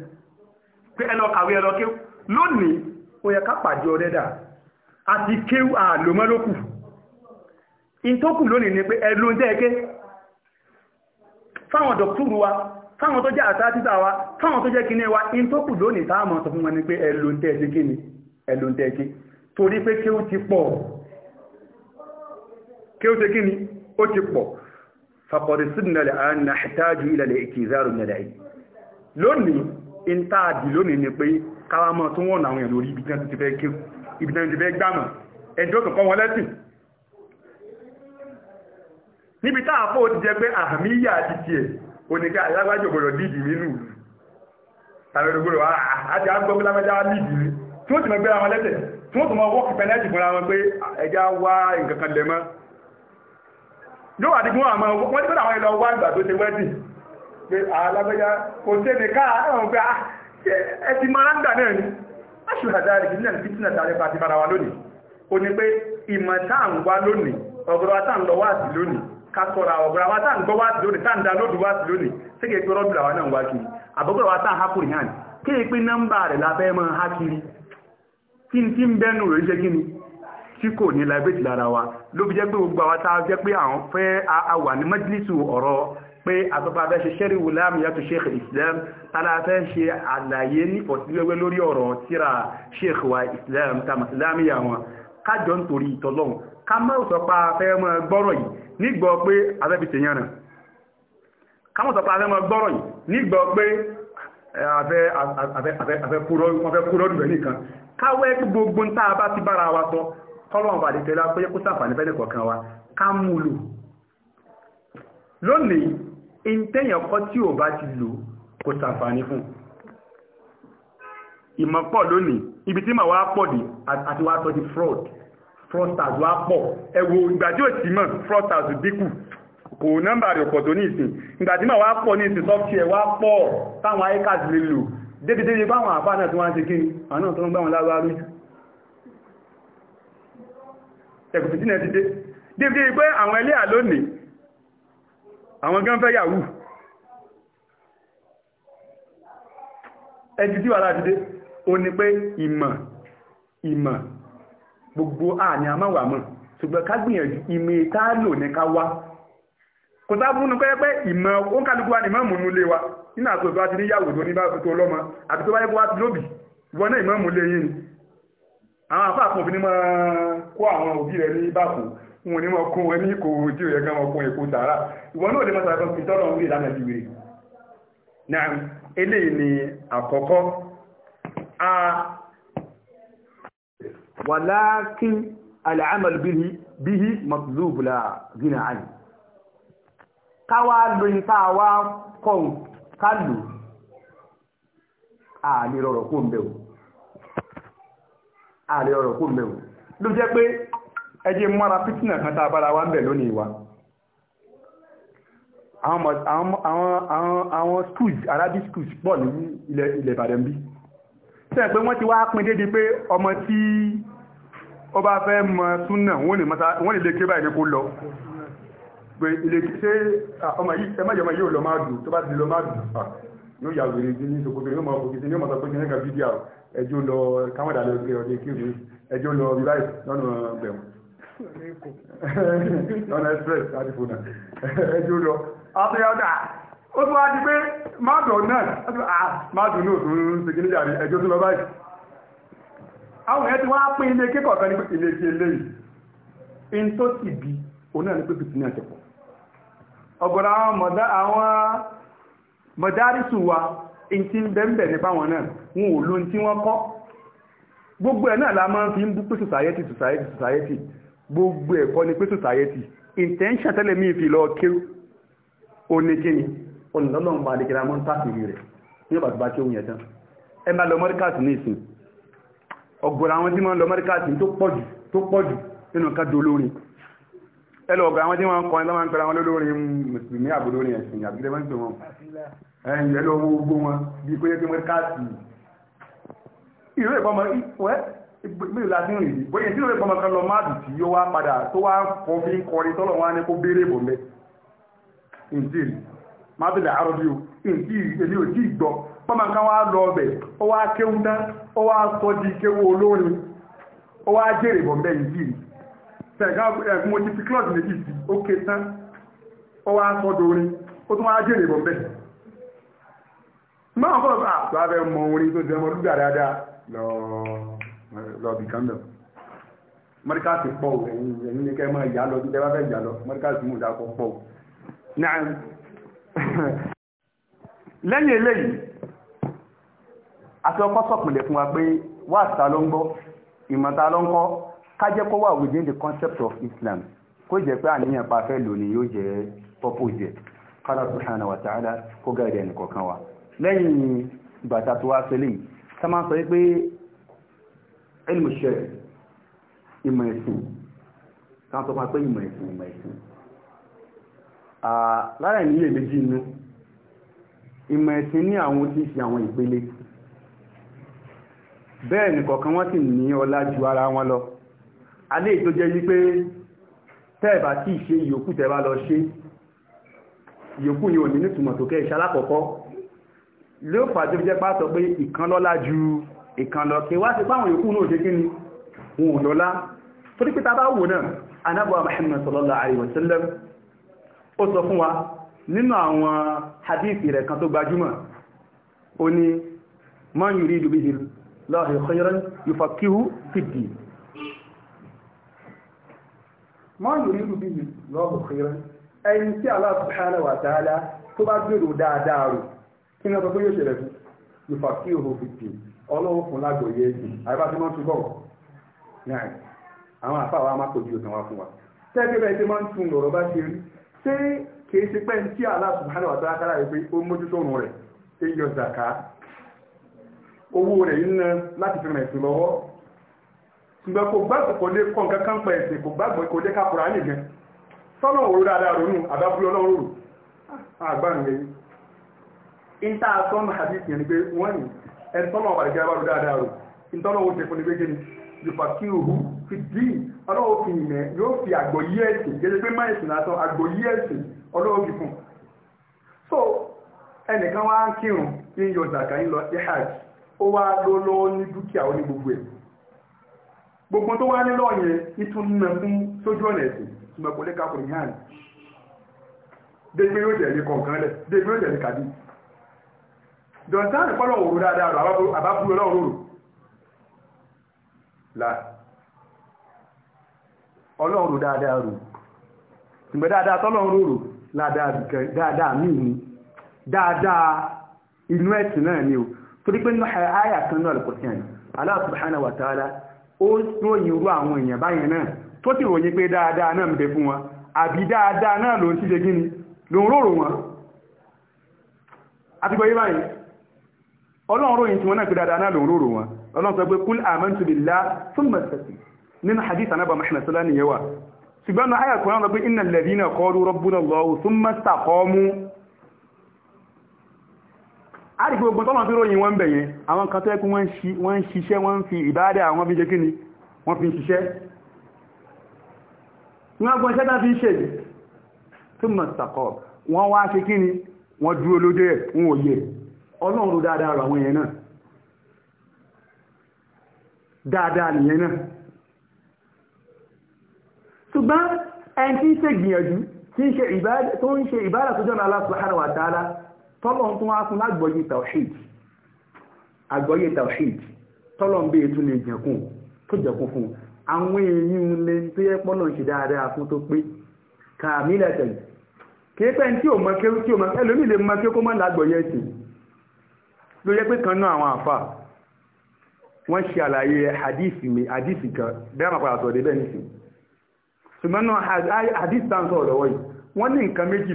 pé ẹ lọ kàwé ẹ lọ kí lónìí ó yẹ ká pàdé ọ̀rẹ́dà àti kéwù àlòmọ́lókù ìtókù lónìí ni pé ẹ lóúnjẹ́ ké fáwọn dọ̀kúrù wa fáwọn tó jẹ́ àtàtítà wa fáwọn tó jẹ́ wa in tó kù lónìí táàmọ̀ ma fún wọn ni pé ẹlòntẹ́ẹ̀kí kíní ẹlòntẹ́ẹ̀kí torí pé kí ó ti pọ̀ kí ó ti ilẹ̀ ìkìzáàrù yìí lónìí in táàdì lónìí ni pé káwàmọ́ tó wọ́n àwọn èrò ibi níbi táàpọ̀ ti pé oníkà alágbájò gbọdọ̀ dìdì nínú àwọn olùgbòrò àti agbọ́gbọ́lámẹ́já dìdì ní tí ó ti mọ̀ gbéra wọn lẹ́sẹ̀ tí ó tún mọ̀ wọ́ọ̀kì pẹ́lẹ́tì fúnra wọn pé ẹja wá nǹkan kan lẹ́mọ́ yóò wà dígún àmọ́ wọ́n ti gbọ́dọ̀ àwọn ìlọ wá ìgbà tó ṣe wẹ́dì pé alágbájá kò sí ẹnì ká àwọn pé ẹ ti mọ aláǹdà náà ni aṣùgbà dáre kì í náà fìtínà dáre bá ti bára wa lónìí ó ní pé ìmọ̀ táà ń wá lónìí ọ̀gọ̀rọ̀ táà ń lọ wá sí kakọra ọ̀gbọ̀ra wa táà ń gbọ́ wá sí lónìí táà ń da lóòdù wá sí lónìí tí kìí gbọ́rọ̀ wa náà wá kiri àbọ̀gbọ̀ra wa táà hákùrì hàn kí n pín nọ́mbà rẹ̀ lábẹ́ mọ́ há kiri kí n tí ń bẹ́nu rẹ̀ ṣe kíni tí kò ní láìbẹ̀tì lára wa ló fi jẹ́ gbogbo àwa táà jẹ́ pé àwọn fẹ́ àwà ní májílísù ọ̀rọ̀ pé àtọ́fà fẹ́ ṣe ṣẹ́rí wùlámù yàtọ̀ sheikh islam tàbí fẹ́ ṣe àlàyé ní ìfọ̀síwẹ́wẹ́ lórí ọ̀rọ̀ tíra sheikh wa islam tàbí islam yà wọn kájọ ń torí ìtọ́lọ́hùn ká mọ́ ìsọpá fẹ́ nígbọ́ pé afẹ́fi tèèyàn rẹ̀ káwọn sọpá afẹ́ mọ́ gbọ́rọ̀ yìí nígbọ́ pé afẹ́ kúrọ́ rẹ̀ nìkan káwẹ́ gbogbo ń tàà bá ti bára wa sọ kọ́lọ̀n bá dìtẹ́ lá pé kó sàǹfààní bẹ́ẹ̀ kọ̀ọ̀kan wa ká mú lò lónìí ìtẹ́yàn kọ́ tí ò bá ti lò kó sàǹfààní fún ìmọ̀ pọ̀ lónìí ibi tí màá wá pọ̀ dé àti wá sọ di fraud fraudsters wá pọ̀ ẹ̀wò ìgbà tí ò tí mọ̀ fraudsters dínkù kò nọ́mbà rẹ̀ pọ̀ tó ní ìsìn ìgbà tí mà wá pọ̀ ní ìsìn software wá pọ̀ táwọn icac lè lò débìdébì báwọn àfá náà tí wọ́n ń ṣe kí àwọn náà tó ń gbá wọn lára rí ẹ̀kùtù tí náà ti dé débìdébì pé àwọn ẹlẹ́à lónìí àwọn gan fẹ́ yàwó ẹjì ìmọ̀ gbogbo àní àmáwà mọ̀ ṣùgbọ́n ká gbìyànjú ìmọ̀ ìta lò ní ká wá kò tá fún un pé pé ìmọ̀ ó ń kálukú wa ní ìmọ̀ọ́mù nulé wa nínú àti òbí wa ti níyàwó tó ní bá tó lọ́mọ àbí tó bá yẹ kó wá ti lóbì ìwọ náà ìmọ̀ọ́mù lé yín ni àwọn àfáà kan òfin ní máa kó àwọn òbí rẹ ní báàkù wọn ní wọn kó wọn ní kò ojú rẹ gan ọkùnrin èkó sàárà ìwọ náà lè máa sàrà fi tọ́lọ̀ ń rí ìlànà walakin al'amal bihi bihi matlub la gina an káwà lóyìn táwà kọ̀n kálù ààrẹ ọ̀rọ̀ kó mẹ́wò ààrẹ ọ̀rọ̀ kó mẹ́wò ló jẹ́ pé ẹjẹ́ mọ́ra fítínà kan tàà bára wá ń bẹ̀ lónìí wa àwọn schools arabic schools pọ̀ ní ilẹ̀ Ìbàdàn bí sẹ́ẹ̀ pé wọ́n ti wá pín dédé pé ọmọ tí ó bá fẹ́ mọ súnà wọ́n lè ké báyìí kó lọ pé ilé ṣe ọmọ yìí ẹ máa yọmọ yóò lọ máa dùn tó bá ti lọ máa dùn yóò yà wèrè sí ní ìṣòkòtò yóò máa fòkìtì yóò máa sọ pé kí nígbà fídíà ẹjọ́ lọ káwọn dàlẹ́ ọdẹ ọdẹ kí òní ẹjọ́ lọ rírà lọ́nà bẹ̀rùn àwọn èèyàn ti wá pín ilé kíkọ̀ọ̀kan ní ilé ti in tó sì bí òun náà ní pé ọ̀gọ̀rọ̀ wa in ti ń bẹ́ẹ̀ nípa wọn náà wọn ò lóhun gbogbo ẹ̀ náà la máa fi ń society society society gbogbo ẹ̀kọ́ ni pé society intention tẹ́lẹ̀ mí fi lọ kéw oníkíni ọ̀nà lọ́lọ́run bá adìgẹ́ra mọ́ ń rẹ̀ ní yẹn tán ẹ ọ̀gọ̀rọ̀ àwọn tí wọ́n lọ mẹ́ríkàtì tó pọ̀jù tó pọ̀jù nínú kádò olórin ẹlọ ọ̀gọ̀ àwọn tí wọ́n kọ́ ẹlọ́mọ ń pẹ̀lú àwọn olórin mùsùlùmí àbúlórí ẹ̀sìn àbílẹ̀ wọ́n tó wọn ẹ̀yìn ẹlọ owó gbogbo wọn bí kó yẹ kí mẹ́ríkàtì ìró ìpamọ́ ìwẹ́ ìgbìlẹ̀ láti rìn yìí bóyá tí ìró ìpamọ́ kan lọ má dùn tí yóò wá padà tó wá kọ́ fi kọrin tọ́lọ̀ wọn á ní kó béèrè bò mẹ́ ìǹtì má o ìǹtì pọ́mà kan wá lọ ọbẹ̀ ó wá kéwú dá ó wá sọ di kéwú olórin ó wá jèrè bọ̀m̀bẹ̀ ìjìrì ẹ̀gbọ́n ojú ti klọ́ọ̀dì méjì sí ó ké tán ó wá sọ dorin ó tún wá jèrè bọ̀m̀bẹ̀ máa fọ́nà àtọ́ abẹ́ mọ orin tó jẹ́ ọmọdúgbà dáadáa lọ́ọ̀bì kan bẹ̀rẹ̀ pọ̀ ẹ̀yìn ní kẹ́ máa yà lọ bí tẹ́bá fẹ́ yà lọ mọ́ríkàtì mú ìdákọ̀ pọ̀ náà (laughs) lẹ́yìn eléyìí àti ọkọ́ sọ̀pìnlẹ̀ fún wa pé wà ta ló ń gbọ́ ìmọ̀ta ló ń kọ́ ká jẹ́ kó wà within the concept of Islam kó jẹ́ pé àníyàn pa fẹ́ lò ní yóò jẹ́ purpose kọ́lá subhanahu wa ta'ala kó gáàdì ẹnì kọ̀ọ̀kan wa lẹ́yìn bàtà tó wá fẹ́lẹ̀ tá máa sọ pé ilmu ṣẹ́ ìmọ̀ ẹ̀sìn tá sọ pé ìmọ̀ ẹ̀sìn ìmọ̀ ẹ̀sìn lára ìníyè méjì inú ìmọ̀ ẹ̀sìn ní àwọn tí ṣe àwọn ìpele bẹ́ẹ̀ nìkọ̀kan wọ́n sì ní ọlá ju ara wọn lọ alẹ́ tó jẹ́ wípé tẹ́ẹ̀bà tí ìṣe ìyókù tẹ́ẹ̀bà lọ ṣe ìyókù yóò ní nítumọ̀ tó kẹ́ ìṣẹ́ alákọ̀ọ́kọ́ ló fà tó jẹ́ pàtọ̀ pé ìkan lọ́lá ju ìkan lọ kí wá sí páwọn ìyókù náà ṣe kí wọn ò lọ́lá tó dípítà bá wò náà anábọ̀ Muhammad sallallahu alaihi wasallam ó sọ fún hadithi rẹ̀ kan tó gbajúmọ̀ ó láàrin khairan yufakihu fìdí máa yìí rírù bí lọ́wọ́ khairan ẹni tí Allah subhanahu wa ta'ala tó bá gbèrò dáadáa rò kí ni ọkọ̀ yóò ṣẹlẹ̀ fún yufakihu fìdí ọlọ́wọ́ fún lágbòye ẹ̀sìn àìbáṣe máa ń túbọ̀ náà àwọn àfáwà máa kojú òsàn wa fún wa tẹ́gbẹ́ bẹ́ẹ̀ tí máa ń tún lọ̀rọ̀ bá ṣe rí ṣé kìí ṣe pẹ́ ń tí subhanahu wa ta'ala rẹ̀ pé ó mójútó òun rẹ̀ èyí ọ̀zàká owó rẹ̀ ń ná láti fi rìn sí lọ́wọ́ ṣùgbọ́n kò gbàgbọ́ kò lè kọ́ nǹkan kan ẹ̀sìn kò gbàgbọ́ kò lè kápùrà ní gan sọ́nà òru dáadáa ronú àbábúrú ọlọ́run rò ah, àgbàǹgbẹ̀ ìta sọ́nà hadith yẹn ni pé wọ́n ní ẹni sọ́nà ọ̀bàdì kí abáru dáadáa rò fún yòfà kí fi dì í fi fi ẹ̀sìn gẹ́gẹ́ pé ẹ̀sìn fi fún so ẹnìkan wá ń kírun ó wá ló ní dúkìá ó gbogbo ẹ̀ gbogbo tó wá nílò yẹn ìtún nà fún sójú ọ̀nà ẹ̀sìn ní hàn dégbé yóò tẹ̀lé kọ̀ọ̀kan lẹ̀ dégbé yóò kàbí dọ̀tán òru dáadáa rọ rò là ọlọ́run rò dáadáa rò dáadáa tọ́lọ́run rò rò dáadáa ni dáadáa torí pé nínú àyà kan náà Al-Qur'an Allah subhanahu wa ta'ala ó ròyìn irú àwọn èèyàn báyẹn náà tó sì ròyìn pé dáadáa náà ń bẹ fún wọn àbí dáadáa náà ló ń ṣíṣe gíní ló ń rorò wọn àti gbọ́ yí báyìí ọlọ́run ròyìn tí wọ́n náà pé dáadáa náà ló ń rorò wọn ọlọ́run sọ pé kúl a rí gbogbo tọ́mà fi ròyìn wọ́n bẹ̀yẹn àwọn kan tó ẹkùn wọ́n ṣiṣẹ́ wọ́n fi ìbáadẹ́ àwọn fi jẹ́ kíni wọ́n fi ṣiṣẹ́ wọ́n gbọ́n iṣẹ́ tá fi ṣe tó mọ̀ sàkọ̀ wọ́n wá ṣe kíni wọ́n dúró lóde wọn ò yẹ ọlọ́run dáadáa dáadáa nìyẹn tọ́lọ́n tó wá fún lágbọ́yé tawhid àgbọ́yé tawhid tọ́lọ́n bí ètò lè jẹ̀kún tó fún àwọn èèyàn lè tó yẹ pọ́lọ́n ṣe dáadáa fún tó pé kàmílẹ̀tẹ̀ kéèpẹ́ tí ò tí o mọ́ké lómi lè mọ́ké kó mọ́ lágbọ́yé sí ló yẹ pé kan náà àwọn àfà ní nǹkan méjì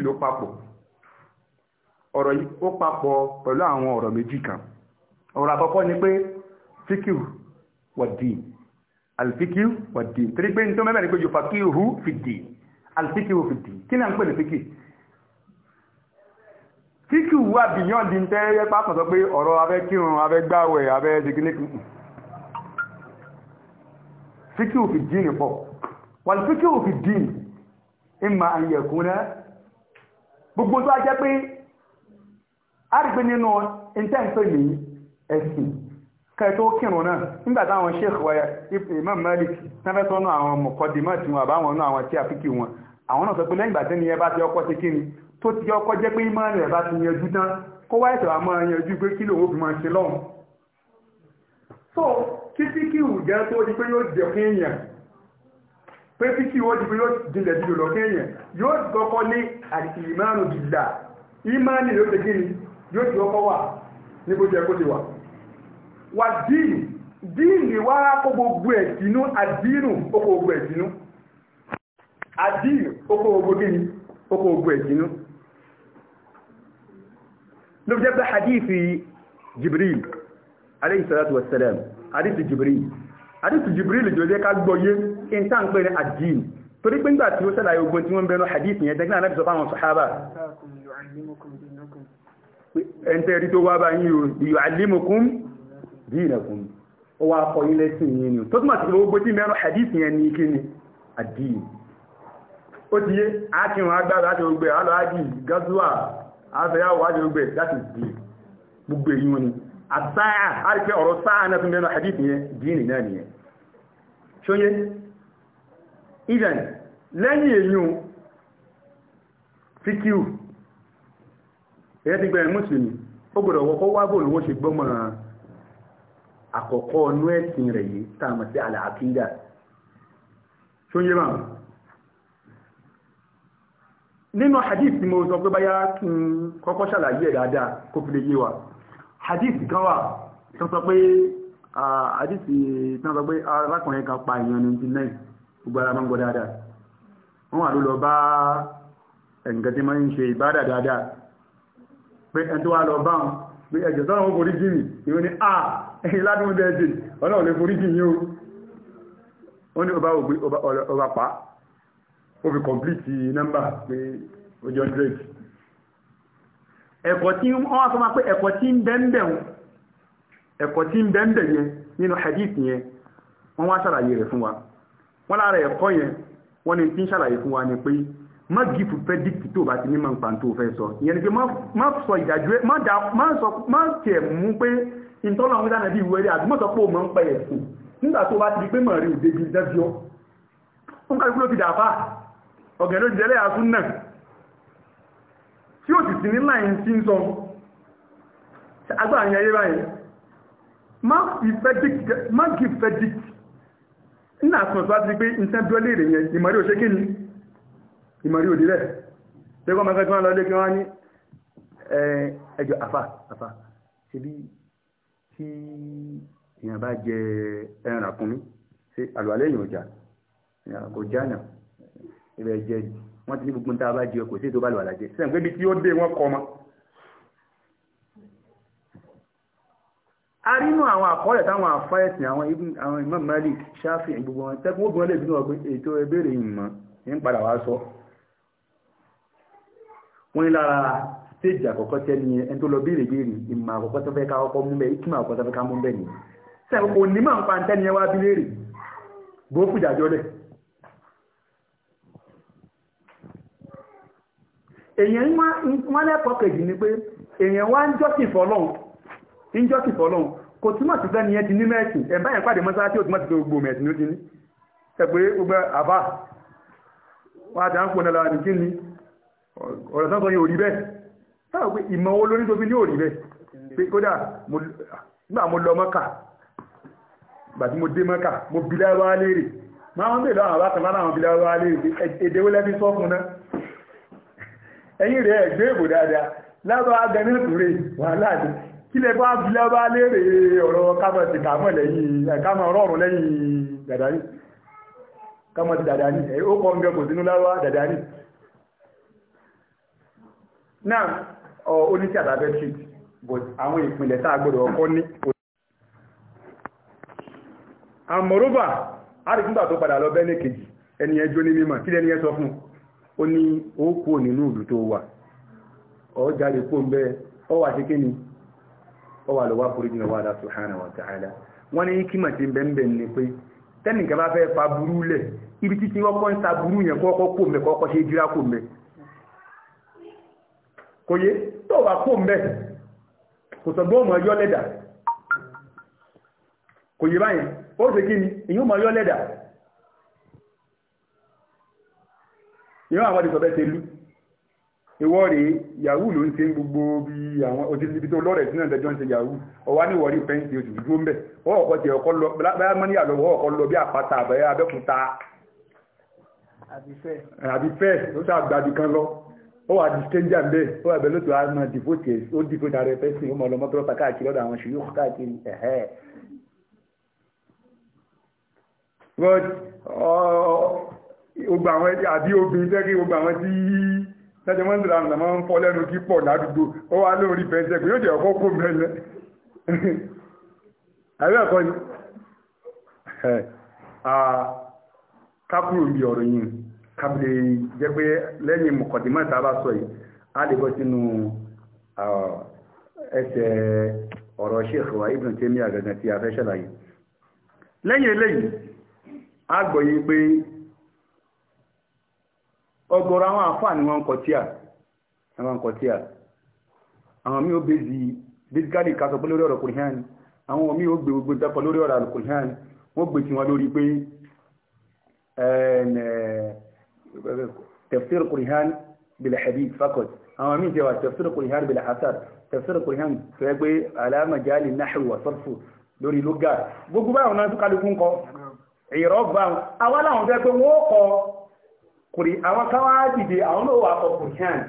ọ̀rọ̀ yìí ó papọ̀ pẹ̀lú àwọn ọ̀rọ̀ méjì kan ọ̀rọ̀ àkọ́kọ́ ni pé fíkìrù wàdí alfikiru wàdí torí pé nítorí mẹ́rin pé jù fàkíhù fìdí alfikiru fìdí kí ni à ń pè ní fíkì fíkì wà bìyànjú tẹ́rẹ́ pàtàkì sọ pé ọ̀rọ̀ abẹ́ kírun abẹ́ gbáwẹ̀ abẹ́ dìgínìkì fíkì òfin dín pọ̀ wàlú fíkì òfin dín náà gbogbo tó a jẹ́ pé àrígbé nínú ìtẹ́ǹpé ní ẹ̀sìn kẹtó kírun náà nígbà táwọn sheikh wáyà imam malik tẹ́fẹ́sọ́ náà àwọn mọ̀kọ́dìmọ̀ tí wọn àbáwọn náà àwọn tí a fi kí wọn àwọn náà sọ pé lẹ́yìn ìgbàtẹ́ni ẹ bá ti ọkọ̀ ti kí ni tó ti ọkọ̀ jẹ́ pé imam rẹ̀ bá ti yanjú tán kó wáyé tó àmọ́ yanjú pé kí lòun fi máa ṣe lọ́hùn. so kí fíkì wù jẹ́ tó di pé yóò jẹ́ fún pé fíkì wọ́n di pé yóò dilẹ̀ dilẹ̀ lọ́kẹ́ èèyàn yóò gbọ́kọ́ ní àti ìmánu bìlà yóò ti ọkọ wà níbo jẹ kó ti wà wà díìnì díìnì wá kó gbogbo ẹ̀ sínú àdínù ó kó gbogbo ẹ̀ sínú àdínù ó kó gbogbo kíni ó kó gbogbo ẹ̀ sínú ló jẹ́ pé hadithi jibril alayhi salatu wa salam hadithi jibril hadithi jibril jọ jẹ́ ká gbọ́yé kí n tàn pé ní àdínù torí pé nígbà tí ó ṣẹlẹ̀ ogun tí wọ́n bẹnu hadith yẹn dẹ́gbẹ́ alábìsọ fáwọn sàhábà ẹntẹ́rí tó wá bá yíò yu'allimukum dinakum ó wá kọ́ yín lẹ́sìn yín ni tó túnmọ̀ sí gbogbo tí mẹ́rin hadith yẹn ní kí ni àdìyí ó ti yé ákìrún agbára láti gbogbo alọ́ ájì gọ́sùwà afẹ́yàwó ájì gbogbo láti dì gbogbo èyí wọn ni àtsáà àríkẹ́ ọ̀rọ̀ sáà náà tún ẹ̀yẹ́ ti gbẹ̀rẹ̀ mùsùlùmí ó gbọ́dọ̀ wọ́kọ́ wá bóòlù wọ́n ṣe gbọ́mọ̀ àkọ́kọ́ ọnú ẹ̀sìn rẹ̀ yìí tá a mọ̀ sí àlàáfíà ṣó yé máa nínú hadith tí mo sọ pé báyá kí n kọ́kọ́ ṣàlàyé ẹ̀ dáadáa kó fi lè yé wa hadith kan wà tó sọ pé hadith tán sọ pé arákùnrin kan pa èèyàn ní ìdílé gbogbo ara máa ń gbọ́ dáadáa wọ́n wà ló lọ bá ẹ̀ǹkan tí máa ń ṣe ìbádà dáadáa pé ẹni tó wá lọ bá wọn pé ẹjẹ̀ sọ́nà wọn forí jìnnì ìwé ni a ah, ẹ̀yìn ládùn bẹ́ẹ̀ dì ọ̀nà ò lè forí jìnnì o ó ní ọba ògbé ọba pa ó fi kọ̀m̀plìtì nọ́mbà pé ó jọ hundred ẹ̀kọ́ tí wọ́n wá sọ ma pé ẹ̀kọ́ tí ń bẹ́ńbẹ̀ ẹ̀kọ́ tí ń bẹ́ńbẹ̀ yẹn nínú hadith yẹn wọ́n wá ṣàlàyé rẹ̀ fún wa wọ́n lára ẹ̀kọ́ yẹn wọ́n ní tí ń ṣàlàyé fún wa ni pé má gífù predict tó bá ti ní máa ń pa fẹ́ sọ ìyẹn ni pé má sọ ìdájọ́ má da má sọ má tiẹ̀ mú pé ìtọ́nà àwọn ìdáná bíi wẹ́rẹ́ àbí mọ́tò pé o máa ń pa ẹ̀kú nígbà tó bá ti di pé mọ̀ rí òde bíi dájọ́ ó ń kárí kúrò ti dà fà ọ̀gẹ̀ ló ti dẹ́lẹ́ àtún náà tí ó sì sí ní láì sí ń sọ agbára yẹn báyìí má fi predict má gífù predict nígbà tó bá ti di pé ìtẹ́bíọ́lé rẹ̀ yẹn ìmọ̀rí ìmọ̀rí òdílẹ̀ tẹ́kọ́ mẹ́fẹ́ tí wọ́n lọ lé kí wọ́n ní ẹjọ́ àfà àfà ṣe bí tí èèyàn bá jẹ ẹran àkúnmí ṣe àlùwalẹ̀ èèyàn ọjà kò jáànà ibẹ̀ jẹ wọ́n ti ní gbogbo tá a bá jẹ kò sí ètò bá lùwàlà jẹ sẹ́yìn pé bí tí ó dé wọ́n kọ́ ọmọ. a rí inú àwọn àkọọ́lẹ̀ táwọn àfáyẹ̀sìn àwọn Imam Malik Shafi'i gbogbo wọn tẹ́kun ó gbọ́n lè bínú ọgbẹ́ ètò ẹgbẹ́rẹ̀ ìmọ̀ ń padà wá sọ wọ́n ní lára stéèjì àkọ́kọ́ tẹ́ ni ẹni tó lọ béèrè béèrè ìmọ̀ àkọ́kọ́ tó fẹ́ ká ọkọ́ mú bẹ́ẹ̀ ìtumọ̀ àkọ́kọ́ tó fẹ́ ká mú bẹ́ẹ̀ nìyẹn sẹ́wọ́n kò ní máa ń pa ń tẹ́ni ẹ wá bí léèrè bó fìdájọ́ lẹ̀ èyàn wọ́n lẹ́kọ̀ọ́ kejì ni pé èyàn wá ń jọ́sìn fọ́lọ́hun ń jọ́sìn fọ́lọ́hun kò túmọ̀ sí fẹ́ ni ti ní mẹ́ẹ̀sìn ẹ̀bá yẹn pàdé mọ́sára tí ó túmọ̀ sí gbogbo mẹ́ẹ̀sìn ló ti ní ẹgbẹ́ gbogbo àbá wọn àti à lára nìkí ni ọ̀rọ̀ sáńsọ yẹn ò rí bẹ́ẹ̀ sáà pé ìmọ̀ owó lórí tóbi ní ò rí bẹ́ẹ̀ pé kódà nígbà mo lọ mọ́kà gbà tí mo dé mọ́kà mo bi lárúbáwá léèrè máa ń bèèrè àwọn àbákan àwọn bi lárúbáwá léèrè èdè wọlé fi ẹ̀yìn rẹ̀ ẹ̀gbẹ́ èbò náà oníṣẹ́ àtàbẹ́ treat but a gbọ́dọ̀ ọkọ́ ní àmọ̀rọ́bà àríkúgbà tó padà lọ bẹ́ẹ̀ kejì ẹni ẹjọ́ ní mímọ̀ kí lẹ́ni ẹ sọ fún ó ní ó kú nínú ìlú tó wà ọ jáde kó ń bẹ́ ọ wà sí kíni ọ wà lọ́wọ́ forí jìnà wàdà subhanahu wa ta'ala ni fa burú lẹ̀ ibi títí wọ́n kọ́ ń sa burú yẹn kọ́kọ́ kó mẹ́ kò yé tó wà kó mbẹ́ kò sọ̀gbọ́n ọmọ ẹyọ lẹ́dà kò yé báyìí ó ṣe kí ni èyí ọmọ ẹyọ lẹ́dà ìwọ àwọn ọdẹ sọ̀bẹ́ ti lú ìwọ rèé yahoo ló ń ṣe gbogbo bí àwọn òtítí tó lọ́rẹ̀ sínú ìdájọ́ ń ṣe yahoo ọwá ní ìwọ̀rí pẹ́ǹsì oṣù dúró ń bẹ̀ ọwọ́ ọ̀pọ̀ tiẹ̀ ọkọ lọ báyà mọ́ ní àlọ́wọ́ ọkọ lọ bí àpáta àbẹ́yà abẹ́kúta àbífẹ́ ló ṣàgbàdì kan lọ ó wà di stranger bẹ́ẹ̀ ó wà bẹ́ẹ̀ lótò àmọ́ dìbòtì ó dìbòtì ààrẹ fẹ́sìn ó mọ̀ lọ́mọ tó rọ́ta káàkiri lọ́dọ̀ àwọn ṣùgbọ́n káàkiri ẹ̀hẹ́. but gbogbo àwọn àbí obìnrin jẹ́ kí gbogbo àwọn tí sẹ́jọ́ mọ́ ń dìrà àmọ́ ń fọ́ lẹ́nu kí pọ̀ ládùúgbò ó wà lórí bẹ́ẹ̀ pé yóò jẹ́ ọkọ̀ kó mẹ́lẹ̀ àbẹ́ ẹ̀kọ́ ni kákúrò ń bi ọ̀rọ̀ yìí Kabili jẹ́ pé lẹ́yìn mọ̀kọ̀dìmọ̀ tá a bá sọ yìí a lè bọ́ sínú ẹsẹ̀ ọ̀rọ̀ Sheikh wa Ibn Taymiyyah àgàgàn tí a fẹ́ ṣàlàyé lẹ́yìn eléyìí a gbọ́ yìí pé ọ̀gọ̀rọ̀ àwọn àfáà ni wọ́n ń kọ tíà àwọn ń kọ tíà àwọn mí ó bèzì bíkálì kásọ pé lórí ọ̀rọ̀ kùnhán àwọn mí ó gbé gbogbo ìdápọ̀ lórí ọ̀rọ̀ kùnhán wọ́n gbé tiwọn lórí pé ẹ̀ẹ́ tafsir Qur'an bil hadith faqat àwọn míì ti wà tafsir Qur'an bil asar tafsir Qur'an tó yẹ pé alámàjálì nahwu wa sarfu lórí lugha gbogbo báwọn náà tún kálukú ń kọ ìrọ́ bá wọn àwọn aláwọn fẹ́ pé wọ́n kọ kùrì àwọn káwàá dìde àwọn náà wà kọ Qur'an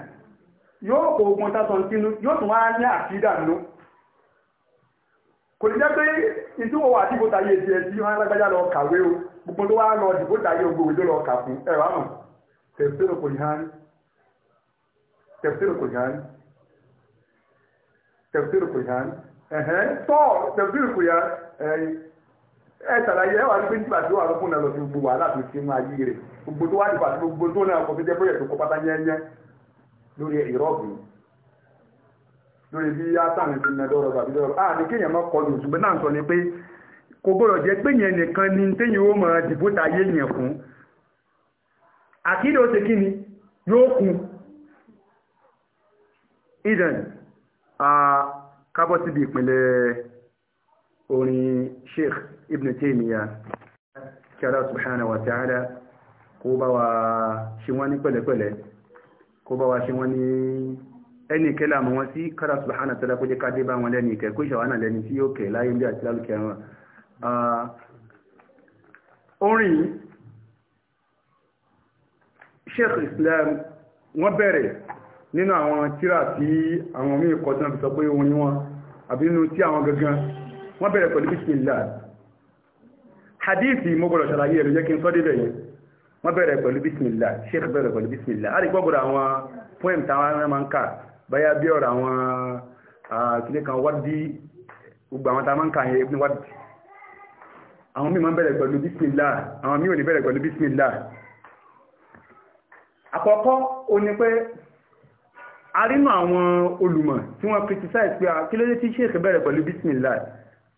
yóò kọ ogun tásán sínú yóò tún wá ní àkídà nínú kò jẹ́ pé ìtúwò àti ìbòtayé ti ẹ̀ tí wọ́n lágbájá lọ kàwé o gbogbo tó wá lọ ìbòtayé ogbòrò ló lọ kà fún ẹ̀rọ àmọ̀ tafsir kulhani tafsir kulhani tafsir kulhani ẹ̀hẹ́n tọ́ tafsir kulhani ẹ ṣàlàyé ẹwà ní pínpín àti wà lókun náà lọ sí gbogbo wàhálà tó ti mú ayé lórí bí tàbí a ní kéèyàn kọlu ṣùgbọ́n náà sọ ni pé kò gbọ́dọ̀ jẹ́ pé yẹn nìkan ni ó máa dìbò yẹn fún àkídà ó ṣe kí ni yóò kún idan kábọ̀ síbi ìpínlẹ̀ orin sheikh ibn taymiya kí subhanahu wa ta'ala kó bá wa ṣe wọ́n ní pẹ̀lẹ̀pẹ̀lẹ̀ kó bá wa ṣe wọ́n ní ẹni ìkẹ́lẹ̀ àmọ́ wọn sí kára subhanahu wa ta'ala kó jẹ́ ká dé bá wọn lẹ́ni ìkẹ́ kó ìṣàwánà lẹ́ni tí yóò sheikh islam wọ́n bẹ̀rẹ̀ nínú àwọn tíra tí àwọn míì kọ́ tí wọ́n fi sọ pé orin wọn àbí nínú tí àwọn gangan wọ́n bẹ̀rẹ̀ pẹ̀lú bismillah hadithi mo gbọ́dọ̀ ṣàlàyé ẹ̀rọ jẹ́ kí n sọ débẹ̀ yẹn wọ́n bẹ̀rẹ̀ pẹ̀lú bismillah sheikh bẹ̀rẹ̀ pẹ̀lú bismillah àti gbọ́gbọ́dọ̀ àwọn poem táwọn ará máa ń kà báyà bí ọ̀rọ̀ àwọn kìlẹ̀ kan wádìí gbogbo àwọn táwọn máa ń kà yẹn ní wádìí àwọn míì máa ń bẹ̀rẹ̀ pẹ̀lú bismillah àwọn míì ò ní bẹ̀rẹ̀ pẹ̀lú bismillah àkọ́kọ́ o ní pé a rínú àwọn olùmọ̀ tí wọ́n criticize pé akílódé ah, tí ṣe bẹ̀rẹ̀ pẹ̀lú bismillah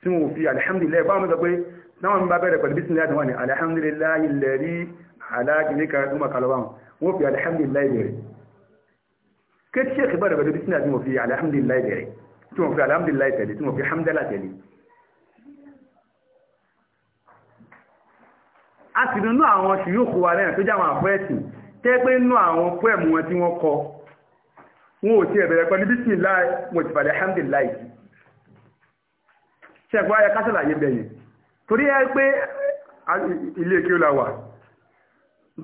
tí wọ́n fi alhamdulillah bá wọn sọ pé náwọn bá bẹ̀rẹ̀ pẹ̀lú bismillah tí wọ́n ní alhamdulillah ilẹ̀ rí aláàgbìníkà tó mọ̀ kalọ́ wọn fi alhamdulillah bẹ̀rẹ̀ kí tí ṣe bẹ̀rẹ̀ pẹ̀lú bismillah tí wọ́n fi alhamdulillah bẹ̀rẹ̀ tí wọ́n fi alhamdulillah tẹ̀lé tí wọ́n fi hamdala tẹ̀lé a sì nínú àwọn ṣìyókù wa lẹ́yìn tó jáwọn àfọ́ ẹ̀sìn tẹ́gbẹ́ inú àwọn pẹ́ẹ̀mù wọn tí wọ́n kọ wọn ò tí pẹ̀lú ti bàlẹ̀ alhamdulillah yìí ṣẹ̀kọ́ ayẹ kásàlàyé bẹ̀yìn torí ẹ pé ilé kí ó la wà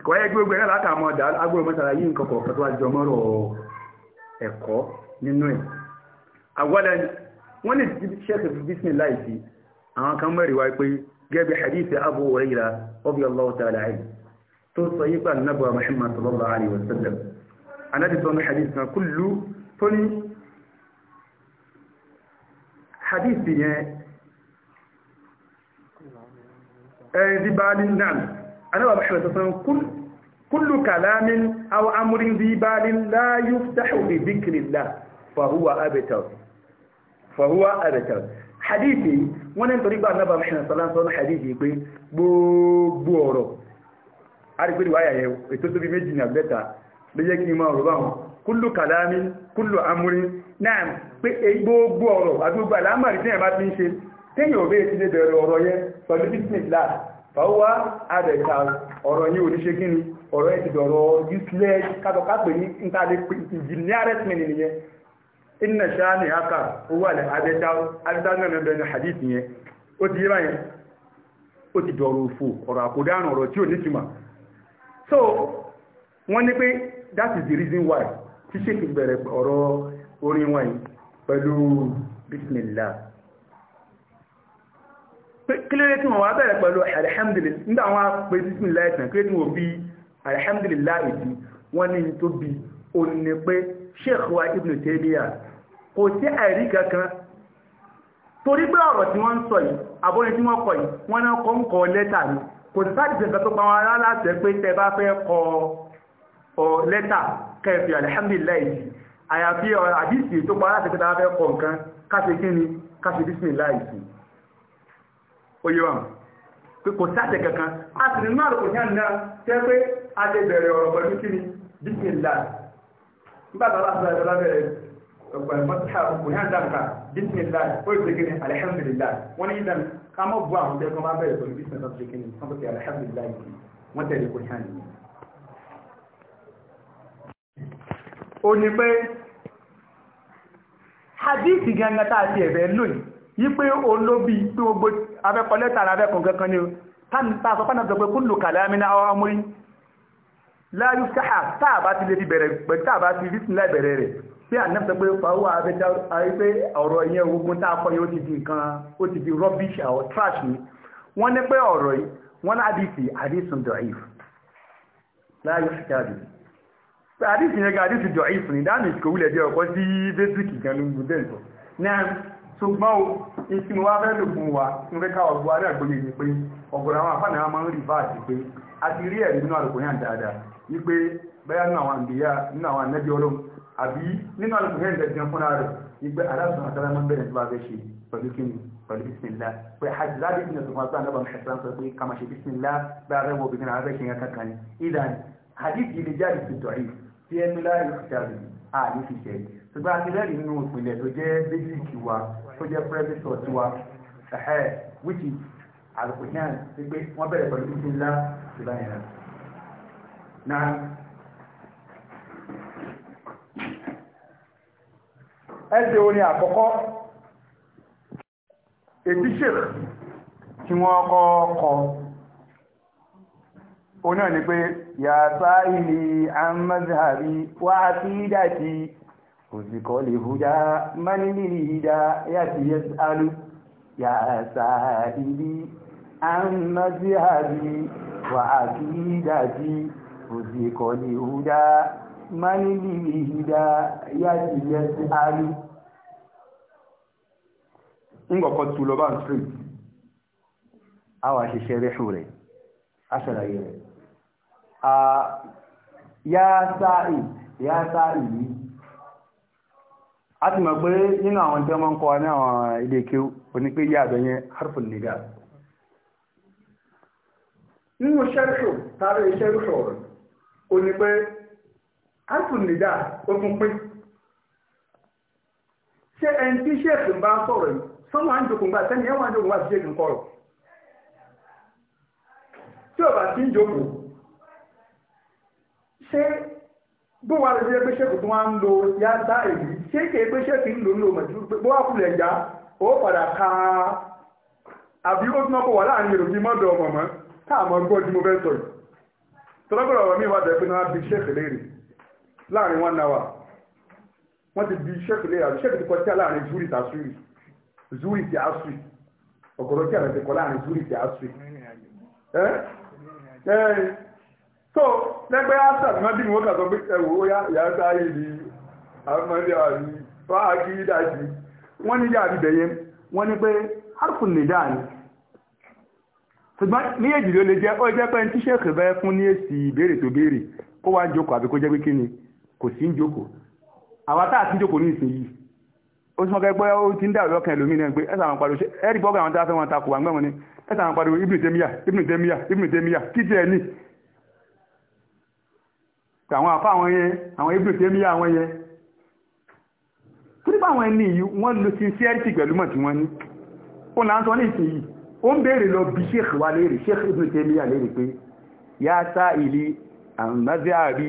kọ́ ẹ gbogbo ẹ̀ láta àmọ́ ọ̀dà agbóhùn mọ́sàlá yìí nǹkan kọ̀ọ̀kan tó wá jọ mọ́rọ̀ ẹ̀kọ́ nínú ẹ̀ àwọlẹ̀ wọ́n lè ti ṣẹ́kẹ̀ fi bismillah yìí àwọn kan mẹ́rin a pé gẹ́gẹ́ bí hadith Abu tó sọ yípa nàbà Muhammad sallallahu alaihi wasallam anáti sọ ní hadith kan kullu tó ní hadith yẹn ẹ̀ẹ́dì bá ní náà anábà Muhammad sallallahu kullu kalamin aw amrin dhi balin la yuftahu bi dhikrillah fa huwa abtar fa huwa abtar hadithi wọ́n ní torí gbà náà bá Muhammad sallallahu alaihi wasallam hadithi pé gbogbo ọ̀rọ̀ àrígbèrè wáyà yẹn ètò tóbi méjì ní àgbẹ́ta ló yẹ kí n máa rò báwọn kúlù kàlámi kúlù amúrin náà pé gbogbo ọ̀rọ̀ àgbogbo àlámàrí tí ẹ̀ bá ti ń ṣe téèyàn òbí ti lè bẹ̀rẹ̀ ọ̀rọ̀ yẹn pẹ̀lú business class fàwọ́wá àbẹ̀ta ọ̀rọ̀ yìí ò ní ṣe kí ni ọ̀rọ̀ ẹ̀ ti dọ̀rọ̀ useless kátọ̀kápẹ̀ ní nǹkan engineering nìyẹn inna ṣáàni haka owó àlẹ́ àbẹ̀ta àbẹ̀ta náà nà bẹ̀rẹ̀ hadith yẹn ó ti yé báyẹn ó ti dọ̀rọ̀ òfò ọ̀rọ̀ àkódánù ọ̀rọ̀ tí ò ní tuma so wọ́n ní pé that is the reason why tí ṣe fi bẹ̀rẹ̀ ọ̀rọ̀ orin wọn yìí pẹ̀lú bismillah kílódé tí wọ́n wá bẹ̀rẹ̀ pẹ̀lú alhamdulillah nígbà wọn bismillah ìtàn kílódé alhamdulillah ìdí wọ́n ní tó bí o ní pé sheikh wa ibn Taymiyyah kò sí àìrí kankan torí pé ọ̀rọ̀ tí wọ́n ń sọ yìí àbọ̀rin tí wọ́n kọ yìí wọ́n náà kọ́ ń kọ lẹ́tà ni kò sí sáàdì ìṣẹ̀ǹkan tó pàwọn ará láti pé tẹ bá fẹ́ kọ ọ lẹ́tà kẹfì alihamdulilayi àyàfi àdìsí tó pàwọn láti pé tẹ bá fẹ́ kọ nǹkan káṣe kí ni káṣe bisimilayi sí ó yẹ wọn pé kò sáàdì kankan a sì nínú àlùkò ní àná tẹ pé a lè bẹ̀rẹ̀ ọ̀rọ̀ pẹ̀lú kí ni bisimilayi nígbà tó láti bẹ̀rẹ̀ lábẹ́rẹ̀ ọ̀pọ̀ ẹ̀fọ́ ká mọ̀ bu àwọn tẹ́lẹ̀ kan bá bẹ̀rẹ̀ pẹ̀lú business of chicken ní wọ́n tẹ̀lé alhamdulilayi wọ́n tẹ̀lé kò hàn ní. ó ní pé hadithi gangan tá a ti ẹ̀fẹ́ lónìí yí pé olóbi tí gbogbo abẹ́kọ̀lẹ́ta ara abẹ́kùn kankan ni tá a sọ fánà gbogbo kúlù kàlámi ní àwọn láyé sáà tá a bá ti lè fi bẹ̀rẹ̀ pẹ̀lú tá a bá ti fi sílẹ̀ bẹ̀rẹ̀ rẹ̀ pé a pé fàáwọ́ abẹ́ta àrípé ọ̀rọ̀ ìyẹn ogun tá a kọ́ yóò ti di nǹkan ó ti di rubbish or trash ni wọ́n ní pé ọ̀rọ̀ yìí wọ́n ní àdìsí àdìsùn dọ̀ìf láyé fi jáde pé àdìsí yẹn àdìsí dọ̀ìf ni dáàmì bí ọkọ sí bẹ́sìkì gan ní gbogbo ẹ̀ náà ṣùgbọ́n o ìsìn wa fẹ́ lò fún wa fẹ́ ká àbí nínú alùpùpù ẹ̀dẹ̀gbẹ̀ fúnra rẹ̀ ìgbẹ́ aláàtún àtàrà máa bẹ̀rẹ̀ tó bá fẹ́ ṣe pẹ̀lú kí pẹ̀lú bísmìlá pé àjíláàdì ìpínlẹ̀ tó máa sáàdọ́bà mẹ́sàn sọ pé kàmà ṣe bísmìlá bá rẹ̀ wọ obìnrin àwọn afẹ́ṣẹ́ yẹn kankan ni ìdàn hadith ilé jáde ti dọ̀rí tí ẹnu láàrin ìṣàlù àní fi ṣe ṣùgbọ́n àti lẹ́rìí nínú ẹ̀jẹ̀ orin àkọ́kọ́ ètíṣẹ̀ tí wọ́n kọ́ kọ́ o náà ni pé yàtá ilé amazari wá sí dájí òsìkọ́ lè húdá mánìlì ìdá yàtí yẹ́ sálú yàtá ilé amazari wá sí dájí òsìkọ́ lè húdá mánìlì ìhìdá ihida ya ji àárí alu. tu lọ bá ń tírì àwọn àṣìṣe rẹ̀ṣù rẹ̀ aṣàlàyé rẹ̀ ya sáàì yá sáàì yìí a ti mọ̀ pé na àwọn tí wọ́n kọ́ ya àwọn harfun niga oní pé tare àbẹ̀yẹ harfin nìgá áńtùn nìdá ó tún pín ṣé ẹni tí ṣéèkì bá sọ̀rọ̀ yìí sọ́nà àjòkùngbà tẹ́ni ẹ̀wọ̀n àjòkùngbà ti ṣéèkì ń kọ̀rọ̀ tí ọba ti ń jókòó ṣe bó wà ṣéèkì ń lo yá dá èyí ṣé pé ṣéèkì ń lò ń lò mọ̀jú bó wà ó padà ka àbí ó tún ọkọ̀ wà láàrin èrò bíi mọ́dọ̀ ọmọ mọ́ táà mọ́ gbọ́ láàrin one hour wọ́n ti di sheik léra sheik ti kọ́ tí a láàrin zuri ta suri zuri ti asuri ọ̀gọ̀rọ̀ tí a lè ti kọ́ zuri ti asuri. ẹ ẹ so lẹ́gbẹ́ asa ni wọ́n bí wọ́n kà pé ẹ̀wò ó yá ìyá ni àmọ́lẹ́ àmì fáà kí dájú wọ́n ní yá àbíbẹ̀ yẹn wọ́n ní pé ni ṣùgbọ́n ní ló lè jẹ́ ó jẹ́ pé ní bẹ́ẹ̀ fún ní èsì ìbéèrè kò sí ń jókòó àwa tá à sí ń jókòó ní ìsìn yìí ó sì mọ́ kẹ́ pé ó ti ń dàrú lọ́kàn ẹlòmíì náà pé ẹ̀sà àwọn pariwo ṣe ẹ̀rí bọ́ọ̀gà àwọn tá a fẹ́ wọn ta kò wà ń gbẹ̀wọ̀n ni ẹ̀sà àwọn pariwo ibùdó tẹ́míyà ibùdó tẹ́míyà ibùdó tẹ́míyà kí tiẹ̀ ní. àwọn àfa àwọn yẹn àwọn ibùdó tẹ́míyà àwọn yẹn nípa àwọn ẹni yìí wọ́n lo sincerity pẹ̀lú mọ̀ tí wọ́n ní ó náà sọ ní ìsìn yìí ó ń béèrè lọ bí sheikh wa léèrè sheikh ibn Taymiyyah léèrè pé yá sá ìlí àmàzíàrí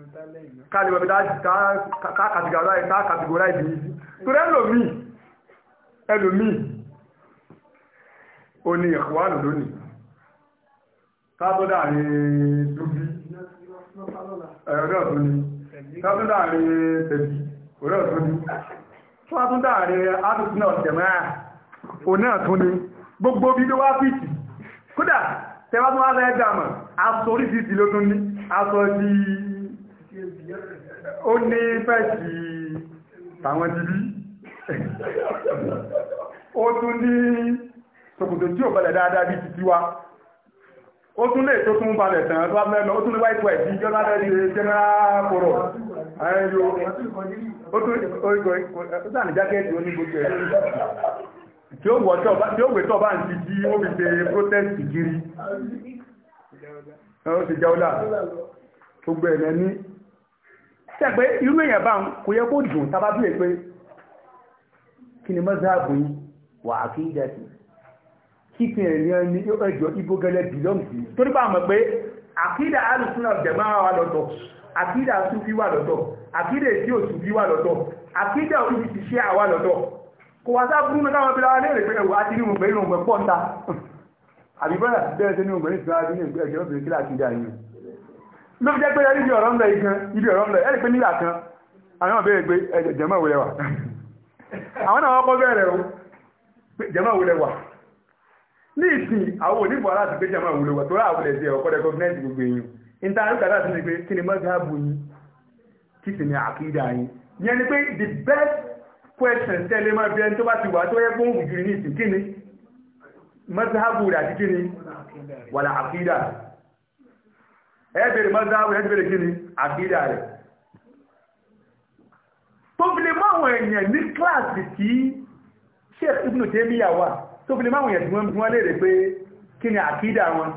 kálí wẹ̀bí ká kàtìgàráì ká kàtìgàráì bí i torí ẹlòmíì ẹlòmíì ó ní ẹ̀kọ́wà lónìí tábọ́dà ní dúbí ẹ̀rọ ọ̀tún ní tábọ́dà ní tẹ̀bí ọ̀rẹ́ ọ̀tún ní tó wá tún dáàrí àtúntún náà tẹ̀mẹ́rà ò náà tún ní gbogbo bí ló wá fìtì kódà tẹwàá tún wá fẹ́ dàmọ̀ aṣọ orí fìtì ní aṣọ ó ní bẹ́ẹ̀kì tàwọn dìbí ó tún ní ṣòkòtò tí ò balẹ̀ dáadáa bí títí wá ó tún lè tó tún balẹ̀ tàn tó mẹ́lọ ó tún lè wáìpù ẹ̀ bí general kòrò ayẹyọ ó tún ìgbòrò jákẹ́ẹ̀tì onígbòkè tí ó wẹ̀ tọ́ bá ń ti jí ó protest kiri ó ti jáúlà gbogbo ní tẹ́gbẹ́ irú èyàn bá ń kò yẹ kó dùn tàbá bí pé kí ni mọ́sáàbù yìí wà á kí ìdẹ́sì kí ti ènìyàn ní ẹjọ́ igbó gẹ́lẹ́ bìlọ́ǹsì torí bá mọ̀ pé àkídà alùsùn náà jẹ̀mọ́ wà lọ́tọ̀ àkídà súnfí wà lọ́tọ̀ àkídà èsì òsùnfí wà lọ́tọ̀ àkídà orí ti ṣe àwà lọ́tọ̀ kò wá sáà fún káwọn bí láwọn léèrè pé ẹwà àti ló jẹ́ pé ibi ọ̀rọ̀ ń lọ igan ibi ọ̀rọ̀ ń lọ ẹ̀rì pé nígbà kan àwọn náà béèrè pé jẹ̀mọ́ ìwé lẹ́wà (laughs) àwọn náà kọ́ bẹ̀rẹ̀ o pé jẹ̀mọ́ ìwé lẹ́wà ní ìsìn àwọn onígbò aláàtì pé jẹ̀mọ́ ìwé lẹ́wà tó rà àwòlẹ̀ sí ọkọ̀ dẹ́kọ̀ gọ́ọ̀mẹ́ntì gbogbo yìí níta àrùkà láti ní pé kí ni mọ́gàbù yìí kí sì ni the best question tẹ́lẹ̀ máa bí ẹni tó bá ti wà tó yẹ fún òjò ní ìsìn kí ni mọ́gàbù ẹ bèrè mọ́sáàbù ẹ bèrè kí ni àbídà rẹ̀ tó fi lè máwọn èèyàn ní kíláàsì tí Sheikh Ibn Taymiyyah wà tó fi lè máwọn èèyàn tí wọ́n wọ́n léèrè pé kí ni àkídà wọn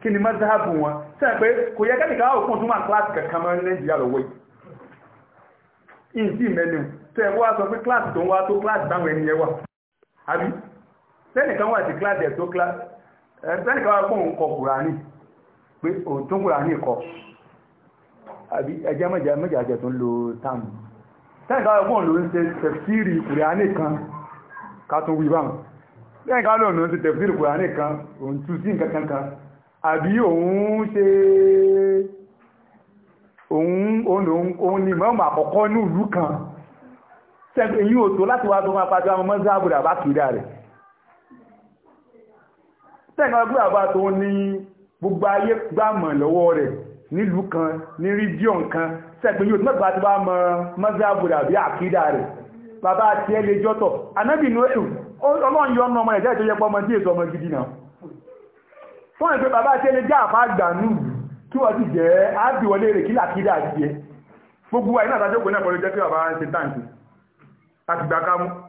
kí ni mọ́sáàbù wọn sẹ́yìn pé kò yẹ kẹ́nìkan wà òkun tó máa kíláàsì kankan mọ́ Nàìjíríà lọ́wọ́ yìí mẹ́nu tó ẹ̀kọ́ wá sọ pé kíláàsì pé òun tó kúrò ní ìkọ ẹjẹ́ mẹ́jẹ tó ń lo táàmù tẹ́yìn ká ló ń ṣe tẹ̀fsírì kùránì kan ká tún wí báwọn ló ń ṣe tẹ̀fsírì kùránì kan òun tú sí nǹkan kan àbí òun ṣe òun àkọ́kọ́ ní ìlú kan èyí ò àbá tó ní gbogbo ayé gbàmọ̀ lọ́wọ́ rẹ̀ nílùú kan ní rídíọ̀n kan sẹ́gbẹ̀ yóò mẹ́gbà tí bá mọ mọ́sáàbùdà bí àkídà rẹ̀ bàbá àti ẹlẹ́ jọ́tọ̀ anábì noel ọlọ́run àti bá wọn bẹ̀rẹ̀ náà kọ́ bá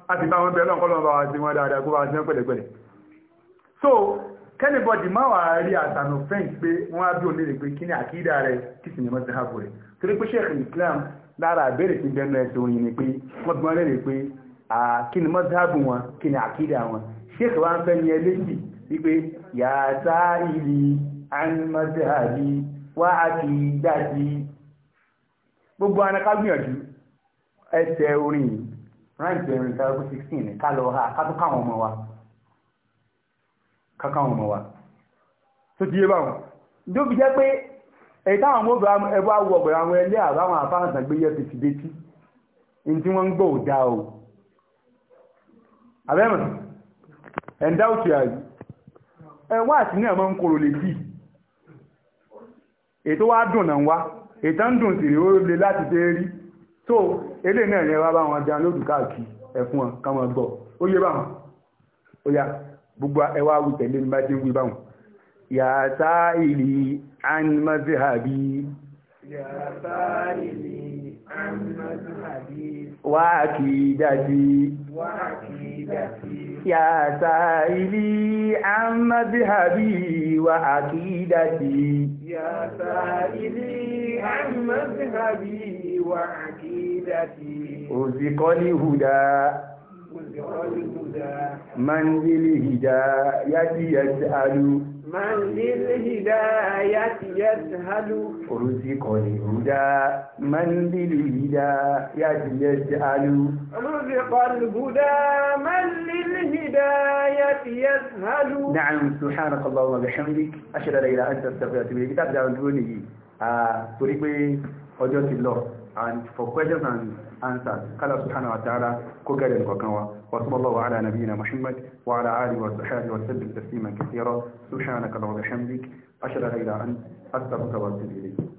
wa sí wọn dáadáa kó bá sí wọn pẹ̀lẹ́pẹ̀lẹ́ so kẹ́nìbọ̀dì má wà rí àtànà fẹ́ǹsì pé wọ́n á bí òun léèrè pé kí ni àkídà rẹ̀ kí sì ni wọ́n ti hàbò rẹ̀ torí pé sheikh islam lára àbẹ̀rẹ̀ ti bẹnu ẹ̀sẹ̀ òyìn ni pé wọ́n bí wọ́n léèrè pé kí ni mọ́sáàbù wọn kí ni àkídà wọn sheikh wa ń fẹ́ ní ẹlẹ́sì wípé yàtá ìlì àmọ́sáàbì wá àkídàjì gbogbo àwọn ẹsẹ̀ orin ráǹtì orin 2016 kankan wọn wa tó ti yé bá wọn tó fi jẹ́ pé ẹ̀ta àwọn ọmọ ẹbá wọ ọgbẹ̀rẹ̀ àwọn ẹlẹ́ àbáwọn afáhànsàn gbé yẹ́ ti détí in tí wọ́n ń gbọ́ òdá o abẹ́mọ̀ ẹ̀ndá òtù àyí ẹwà àti ní ẹ̀mọ́ ń kòrò lè bí ètò wá dùn náà wá ètò ń dùn sí rí ó lè láti dé rí tó eléyìí náà yẹn wá bá wọn jẹun lódù káàkiri ẹ̀fún wọn káwọn gbọ́ ó yé bá ó yá gbogbo ẹwà wù tẹ̀lé mi bá ti ń yà sáìlì an mazhabi yà sáìlì an mazhabi wà kì í dájí wà kì yà sáìlì an mazhabi wà kì í dájí an mazhabi wà kì í dájí òsìkọ́ ní hùdá manzili hidayati yas'alu manzili hidayati yas'alu orúsìkọ̀lì húdá manzili hidayati yas'alu orúsìkọ̀lì húdá manzili hidayati yas'alu na'am subhanakallahumma wa bihamdik ashhadu an la ilaha illa anta astaghfiruka wa atubu ilayk kitab da on dúró nìyí torí pé ọjọ́ ti lọ and for questions and answered kala subhanahu wa ta'ala ko gare ni kokan wa wa sallallahu ala nabiyyina muhammad wa ala alihi wa sahbihi wa sallam tasliman kathira subhanaka allahumma wa bihamdik ashhadu an la ilaha illa anta astaghfiruka wa atubu ilayk